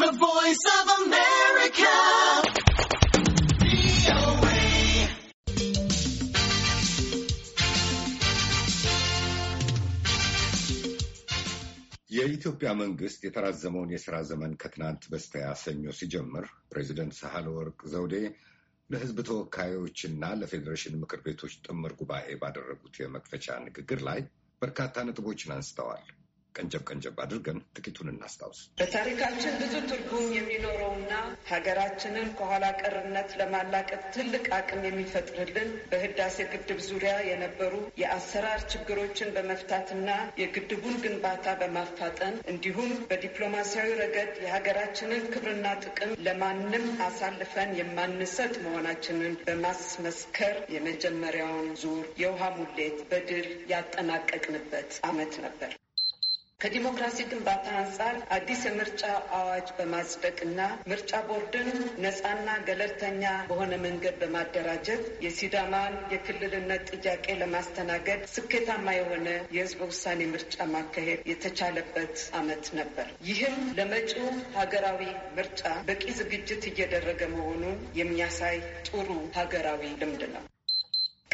The Voice of America. የኢትዮጵያ መንግስት የተራዘመውን የስራ ዘመን ከትናንት በስተያ ሰኞ ሲጀምር ፕሬዚደንት ሳህለ ወርቅ ዘውዴ ለህዝብ ተወካዮችና ለፌዴሬሽን ምክር ቤቶች ጥምር ጉባኤ ባደረጉት የመክፈቻ ንግግር ላይ በርካታ ነጥቦችን አንስተዋል። ቀንጨብ ቀንጨብ አድርገን ጥቂቱን እናስታውስ። በታሪካችን ብዙ ትርጉም የሚኖረውና ሀገራችንን ከኋላ ቀርነት ለማላቀቅ ትልቅ አቅም የሚፈጥርልን በህዳሴ ግድብ ዙሪያ የነበሩ የአሰራር ችግሮችን በመፍታትና የግድቡን ግንባታ በማፋጠን እንዲሁም በዲፕሎማሲያዊ ረገድ የሀገራችንን ክብርና ጥቅም ለማንም አሳልፈን የማንሰጥ መሆናችንን በማስመስከር የመጀመሪያውን ዙር የውሃ ሙሌት በድል ያጠናቀቅንበት ዓመት ነበር። ከዲሞክራሲ ግንባታ አንጻር አዲስ የምርጫ አዋጅ በማጽደቅና ምርጫ ቦርድን ነፃና ገለልተኛ በሆነ መንገድ በማደራጀት የሲዳማን የክልልነት ጥያቄ ለማስተናገድ ስኬታማ የሆነ የህዝበ ውሳኔ ምርጫ ማካሄድ የተቻለበት አመት ነበር። ይህም ለመጪው ሀገራዊ ምርጫ በቂ ዝግጅት እየደረገ መሆኑን የሚያሳይ ጥሩ ሀገራዊ ልምድ ነው።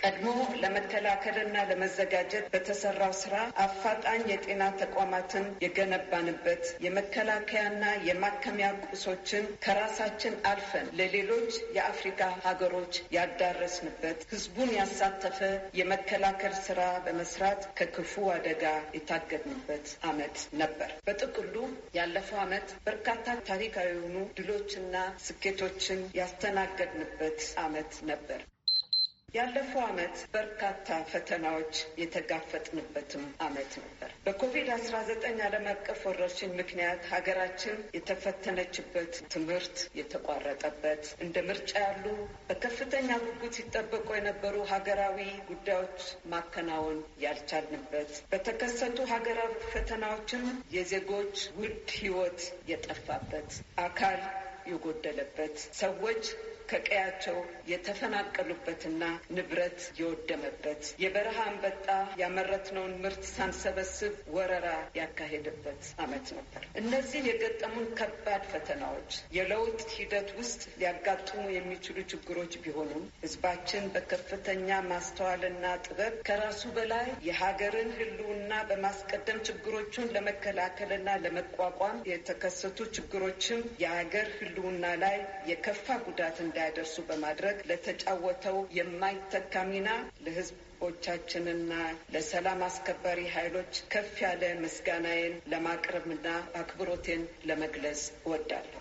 ቀድሞ ለመከላከልና ለመዘጋጀት በተሰራው ስራ አፋጣኝ የጤና ተቋማትን የገነባንበት የመከላከያና የማከሚያ ቁሶችን ከራሳችን አልፈን ለሌሎች የአፍሪካ ሀገሮች ያዳረስንበት ህዝቡን ያሳተፈ የመከላከል ስራ በመስራት ከክፉ አደጋ የታገድንበት አመት ነበር። በጥቅሉ ያለፈው አመት በርካታ ታሪካዊ የሆኑ ድሎችና ስኬቶችን ያስተናገድንበት አመት ነበር። ያለፈው ዓመት በርካታ ፈተናዎች የተጋፈጥንበትም ዓመት ነበር። በኮቪድ አስራ ዘጠኝ ዓለም አቀፍ ወረርሽኝ ምክንያት ሀገራችን የተፈተነችበት ትምህርት የተቋረጠበት እንደ ምርጫ ያሉ በከፍተኛ ጉጉት ሲጠበቁ የነበሩ ሀገራዊ ጉዳዮች ማከናወን ያልቻልንበት፣ በተከሰቱ ሀገራዊ ፈተናዎችም የዜጎች ውድ ሕይወት የጠፋበት አካል የጎደለበት ሰዎች ከቀያቸው የተፈናቀሉበትና ንብረት የወደመበት የበረሃ አንበጣ ያመረትነውን ምርት ሳንሰበስብ ወረራ ያካሄደበት ዓመት ነበር። እነዚህ የገጠሙን ከባድ ፈተናዎች የለውጥ ሂደት ውስጥ ሊያጋጥሙ የሚችሉ ችግሮች ቢሆኑም ሕዝባችን በከፍተኛ ማስተዋልና ጥበብ ከራሱ በላይ የሀገርን ሕልውና በማስቀደም ችግሮቹን ለመከላከልና ለመቋቋም የተከሰቱ ችግሮችም የሀገር ሕልውና ላይ የከፋ ጉዳት እንደ እንዳያደርሱ በማድረግ ለተጫወተው የማይተካ ሚና ለህዝቦቻችንና ለሰላም አስከባሪ ኃይሎች ከፍ ያለ ምስጋናዬን ለማቅረብና አክብሮቴን ለመግለጽ እወዳለሁ።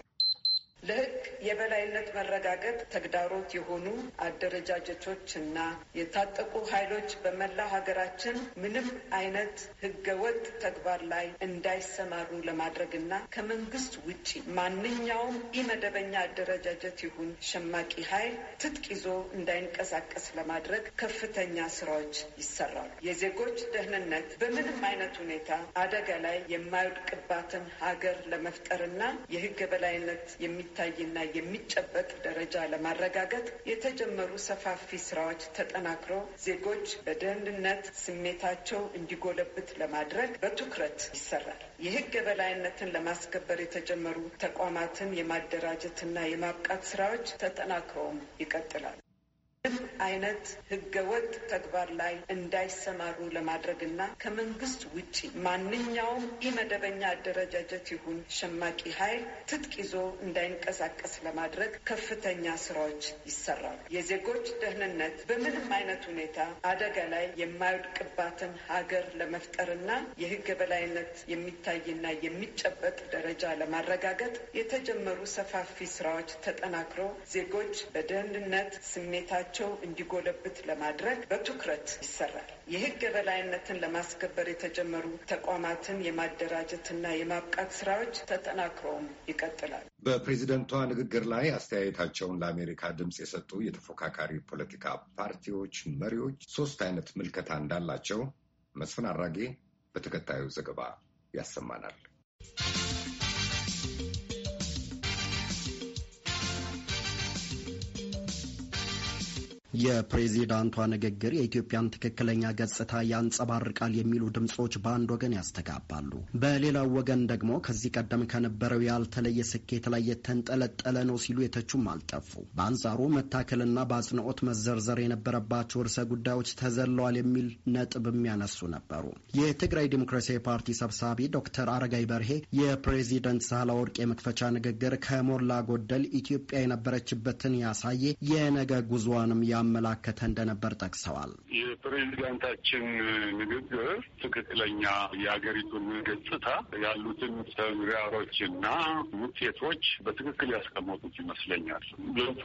ለህግ የበላይነት መረጋገጥ ተግዳሮት የሆኑ አደረጃጀቶች እና የታጠቁ ኃይሎች በመላ ሀገራችን ምንም አይነት ህገወጥ ተግባር ላይ እንዳይሰማሩ ለማድረግና ከመንግስት ውጪ ማንኛውም ኢመደበኛ አደረጃጀት ይሁን ሸማቂ ኃይል ትጥቅ ይዞ እንዳይንቀሳቀስ ለማድረግ ከፍተኛ ስራዎች ይሰራሉ። የዜጎች ደህንነት በምንም አይነት ሁኔታ አደጋ ላይ የማይወድቅባትን ሀገር ለመፍጠርና የህግ የበላይነት የሚ የሚታይና የሚጨበጥ ደረጃ ለማረጋገጥ የተጀመሩ ሰፋፊ ስራዎች ተጠናክሮ ዜጎች በደህንነት ስሜታቸው እንዲጎለብት ለማድረግ በትኩረት ይሰራል። የህግ የበላይነትን ለማስከበር የተጀመሩ ተቋማትን የማደራጀትና የማብቃት ስራዎች ተጠናክረውም ይቀጥላል። አይነት ህገወጥ ተግባር ላይ እንዳይሰማሩ ለማድረግና ከመንግስት ውጭ ማንኛውም ኢመደበኛ አደረጃጀት ይሁን ሸማቂ ኃይል ትጥቅ ይዞ እንዳይንቀሳቀስ ለማድረግ ከፍተኛ ስራዎች ይሰራሉ። የዜጎች ደህንነት በምንም አይነት ሁኔታ አደጋ ላይ የማይወድቅባትን ሀገር ለመፍጠርና የህግ የበላይነት የሚታይና የሚጨበጥ ደረጃ ለማረጋገጥ የተጀመሩ ሰፋፊ ስራዎች ተጠናክሮ ዜጎች በደህንነት ስሜታቸው እንዲጎለብት ለማድረግ በትኩረት ይሰራል። የህግ የበላይነትን ለማስከበር የተጀመሩ ተቋማትን የማደራጀትና የማብቃት ስራዎች ተጠናክረውም ይቀጥላል። በፕሬዚደንቷ ንግግር ላይ አስተያየታቸውን ለአሜሪካ ድምፅ የሰጡ የተፎካካሪ ፖለቲካ ፓርቲዎች መሪዎች ሶስት አይነት ምልከታ እንዳላቸው መስፍን አራጌ በተከታዩ ዘገባ ያሰማናል። የፕሬዚዳንቷ ንግግር የኢትዮጵያን ትክክለኛ ገጽታ ያንጸባርቃል የሚሉ ድምጾች በአንድ ወገን ያስተጋባሉ። በሌላው ወገን ደግሞ ከዚህ ቀደም ከነበረው ያልተለየ ስኬት ላይ የተንጠለጠለ ነው ሲሉ የተቹም አልጠፉ። በአንጻሩ መታከልና በአጽንኦት መዘርዘር የነበረባቸው ርዕሰ ጉዳዮች ተዘለዋል የሚል ነጥብ የሚያነሱ ነበሩ። የትግራይ ዴሞክራሲያዊ ፓርቲ ሰብሳቢ ዶክተር አረጋይ በርሄ የፕሬዚደንት ሳህለወርቅ የመክፈቻ ንግግር ከሞላ ጎደል ኢትዮጵያ የነበረችበትን ያሳየ የነገ ጉዞዋንም ያ ያመላከተ እንደነበር ጠቅሰዋል። የፕሬዚዳንታችን ንግግር ትክክለኛ የሀገሪቱን ገጽታ ያሉትን ተግዳሮችና ውጤቶች በትክክል ያስቀመጡት ይመስለኛል። ለቱ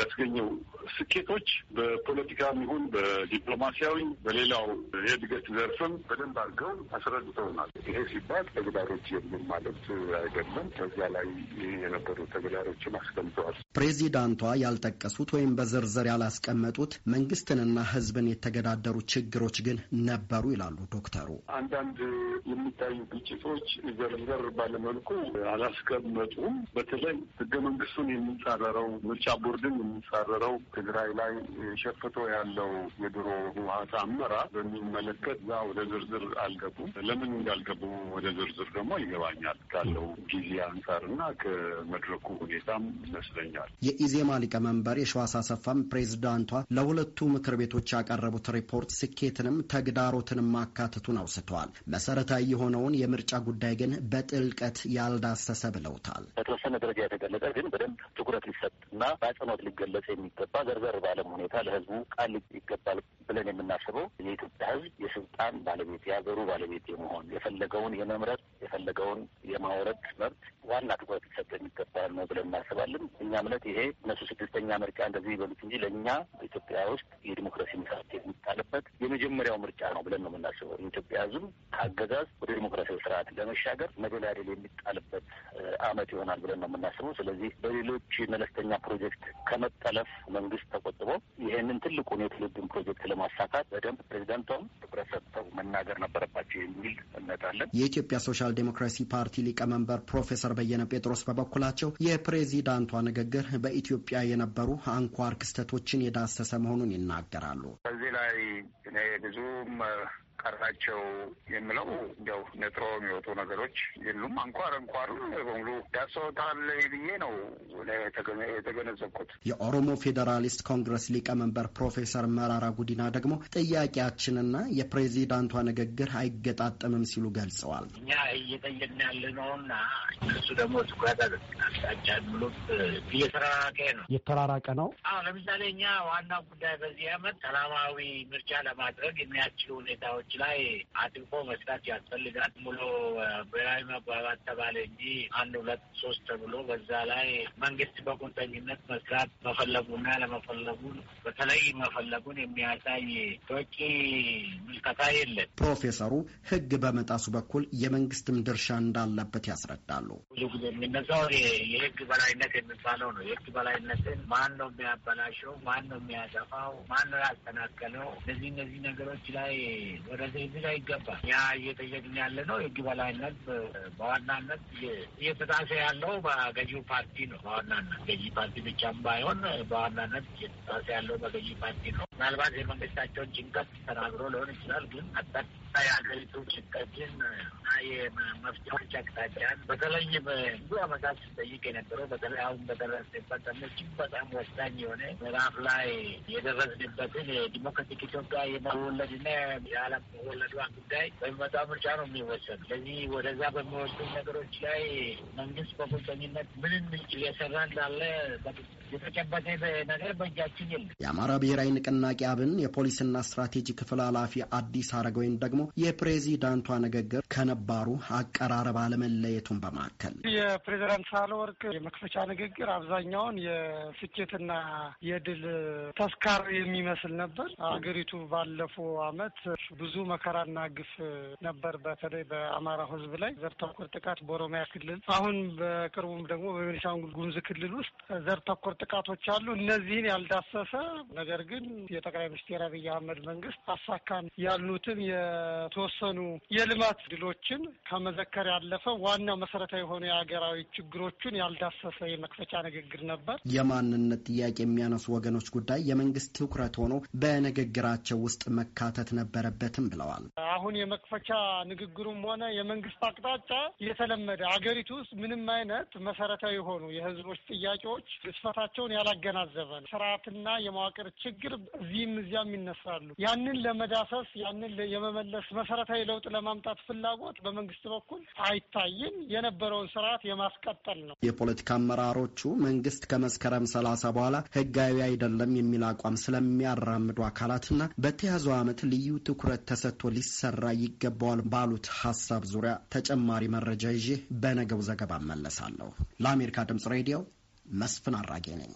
ያስገኘው ስኬቶች በፖለቲካም ይሁን በዲፕሎማሲያዊ በሌላው የእድገት ዘርፍም በደንብ አድርገው አስረድተውናል። ይሄ ሲባል ተግዳሮች የሉም ማለት አይደለም። ከዚያ ላይ የነበሩ ተግዳሮችን አስቀምጠዋል። ፕሬዚዳንቷ ያልጠቀሱት ወይም በዝርዝር ያላስቀመጡት መንግስትንና ህዝብን የተገዳደሩ ችግሮች ግን ነበሩ ይላሉ ዶክተሩ። አንዳንድ የሚታዩ ግጭቶች ዘርዘር ባለመልኩ አላስቀመጡም። በተለይ ህገ መንግስቱን የሚጻረረው ምርጫ ቦርድን የሚጻረረው ትግራይ ላይ ሸፍቶ ያለው የድሮ ህወሀት አመራር በሚመለከት ዛ ወደ ዝርዝር አልገቡም። ለምን እንዳልገቡ ወደ ዝርዝር ደግሞ ይገባኛል ካለው ጊዜ አንጻርና ከመድረኩ ሁኔታም ይመስለኛል። ይሆናል። የኢዜማ ሊቀመንበር የሸዋስ አሰፋም ፕሬዝዳንቷ ለሁለቱ ምክር ቤቶች ያቀረቡት ሪፖርት ስኬትንም ተግዳሮትንም ማካተቱን አውስተዋል። መሰረታዊ የሆነውን የምርጫ ጉዳይ ግን በጥልቀት ያልዳሰሰ ብለውታል። በተወሰነ ደረጃ የተገለጸ ግን በደንብ ትኩረት ሊሰጥ እና በአጽንኦት ሊገለጽ የሚገባ ዘርዘር ባለም ሁኔታ ለህዝቡ ቃል ይገባል ብለን የምናስበው የኢትዮጵያ ህዝብ የስልጣን ባለቤት የሀገሩ ባለቤት የመሆን የፈለገውን የመምረጥ የፈለገውን የማውረድ መብት ዋና ትኩረት ሊሰጥ የሚገባል ነው ብለን እናስባለን እኛም በእውነት ይሄ እነሱ ስድስተኛ ምርጫ እንደዚህ ይበሉት እንጂ ለእኛ በኢትዮጵያ ውስጥ የዲሞክራሲ መሰረት የሚጣልበት የመጀመሪያው ምርጫ ነው ብለን ነው የምናስበው። ኢትዮጵያ ዝም ከአገዛዝ ወደ ዲሞክራሲያዊ ስርዓት ለመሻገር መደላደል የሚጣልበት አመት ይሆናል ብለን ነው የምናስበው። ስለዚህ በሌሎች መለስተኛ ፕሮጀክት ከመጠለፍ መንግስት ተቆጥቦ ይህንን ትልቁን የትውልዱን ፕሮጀክት ለማሳካት በደንብ ፕሬዚዳንቷም ትኩረት ሰጥተው መናገር ነበረባቸው የሚል እምነት አለን። የኢትዮጵያ ሶሻል ዴሞክራሲ ፓርቲ ሊቀመንበር ፕሮፌሰር በየነ ጴጥሮስ በበኩላቸው የፕሬዚዳንቷ ንግግር ንግግር በኢትዮጵያ የነበሩ አንኳር ክስተቶችን የዳሰሰ መሆኑን ይናገራሉ። ከዚህ ላይ እኔ ብዙም ቀራቸው የምለው እንዲያው ነጥሮ የሚወጡ ነገሮች የሉም። አንኳር አንኳሩ በሙሉ ያሰወታል ብዬ ነው የተገነዘብኩት። የኦሮሞ ፌዴራሊስት ኮንግረስ ሊቀመንበር ፕሮፌሰር መራራ ጉዲና ደግሞ ጥያቄያችንና የፕሬዚዳንቷ ንግግር አይገጣጠምም ሲሉ ገልጸዋል። እኛ እየጠየቅን ያለ ነውና እሱ ደግሞ ትኩረት አቅጣጫ ብሎት እየተራራቀ ነው እየተራራቀ ነው። ለምሳሌ እኛ ዋናው ጉዳይ በዚህ አመት ሰላማዊ ምርጫ ለማድረግ የሚያስችሉ ሁኔታዎች ጉዳዮች ላይ አጥብቆ መስራት ያስፈልጋል። ሙሉ ብሔራዊ መግባባት ተባለ እንጂ አንድ ሁለት ሶስት ተብሎ በዛ ላይ መንግስት በቁርጠኝነት መስራት መፈለጉና ለመፈለጉን በተለይ መፈለጉን የሚያሳይ በቂ ምልከታ የለን። ፕሮፌሰሩ ህግ በመጣሱ በኩል የመንግስትም ድርሻ እንዳለበት ያስረዳሉ። ብዙ ጊዜ የሚነሳው የህግ በላይነት የሚባለው ነው። የህግ በላይነትን ማን ነው የሚያበላሸው? ማን ነው የሚያጠፋው? ማን ነው ያስተናከለው? እነዚህ እነዚህ ነገሮች ላይ ስለዚህ እዚህ ይገባል። ያ እየጠየቅን ያለ ነው። የህግ በላይነት በዋናነት እየተጣሰ ያለው በገዢው ፓርቲ ነው። በዋናነት ገዢ ፓርቲ ብቻም ባይሆን በዋናነት እየተጣሰ ያለው በገዢ ፓርቲ ነው። ምናልባት የመንግስታቸውን ጭንቀት ተናግሮ ሊሆን ይችላል። ግን አጠቃላይ የሀገሪቱ ጭንቀትን የመፍትሄዎች አቅጣጫን በተለይ ብዙ አመታት ስጠይቅ የነበረው በተለይ አሁን በደረስንበት ደግሞ በጣም ወሳኝ የሆነ ምዕራፍ ላይ የደረስንበትን የዲሞክራቲክ ኢትዮጵያ የመወለድና የዓለም መወለዷ ጉዳይ በሚመጣው ምርጫ ነው የሚወሰኑ። ስለዚህ ወደዛ በሚወስዱ ነገሮች ላይ መንግስት በቁርጠኝነት ምንም እየሰራ እንዳለ የተጨበጠ ነገር በእጃችን የለም። የአማራ ብሔራዊ ንቅና የንቅናቄ አብን የፖሊስና ስትራቴጂ ክፍል ኃላፊ አዲስ አረጋዊን ደግሞ የፕሬዚዳንቷ ንግግር ከነባሩ አቀራረብ አለመለየቱን በማከል የፕሬዚዳንት ሳህለወርቅ የመክፈቻ ንግግር አብዛኛውን የስኬትና የድል ተስካር የሚመስል ነበር። አገሪቱ ባለፈው አመት ብዙ መከራና ግፍ ነበር፣ በተለይ በአማራ ህዝብ ላይ ዘር ተኮር ጥቃት በኦሮሚያ ክልል፣ አሁን በቅርቡም ደግሞ በቤኒሻንጉል ጉሙዝ ክልል ውስጥ ዘር ተኮር ጥቃቶች አሉ። እነዚህን ያልዳሰሰ ነገር ግን የጠቅላይ ሚኒስትር አብይ አህመድ መንግስት አሳካን ያሉትን የተወሰኑ የልማት ድሎችን ከመዘከር ያለፈ ዋናው መሰረታዊ የሆነ የሀገራዊ ችግሮችን ያልዳሰሰ የመክፈቻ ንግግር ነበር። የማንነት ጥያቄ የሚያነሱ ወገኖች ጉዳይ የመንግስት ትኩረት ሆኖ በንግግራቸው ውስጥ መካተት ነበረበትም ብለዋል። አሁን የመክፈቻ ንግግሩም ሆነ የመንግስት አቅጣጫ የተለመደ አገሪቱ ውስጥ ምንም አይነት መሰረታዊ የሆኑ የህዝቦች ጥያቄዎች ስፈታቸውን ያላገናዘበ ነው። ስርዓትና የመዋቅር ችግር እዚህም እዚያም ይነሳሉ። ያንን ለመዳሰስ ያንን የመመለስ መሰረታዊ ለውጥ ለማምጣት ፍላጎት በመንግስት በኩል አይታይም። የነበረውን ስርዓት የማስቀጠል ነው። የፖለቲካ አመራሮቹ መንግስት ከመስከረም ሰላሳ በኋላ ህጋዊ አይደለም የሚል አቋም ስለሚያራምዱ አካላትና በተያዘው ዓመት ልዩ ትኩረት ተሰጥቶ ሊሰራ ይገባዋል ባሉት ሀሳብ ዙሪያ ተጨማሪ መረጃ ይዤ በነገው ዘገባ መለሳለሁ። ለአሜሪካ ድምጽ ሬዲዮ መስፍን አራጌ ነኝ።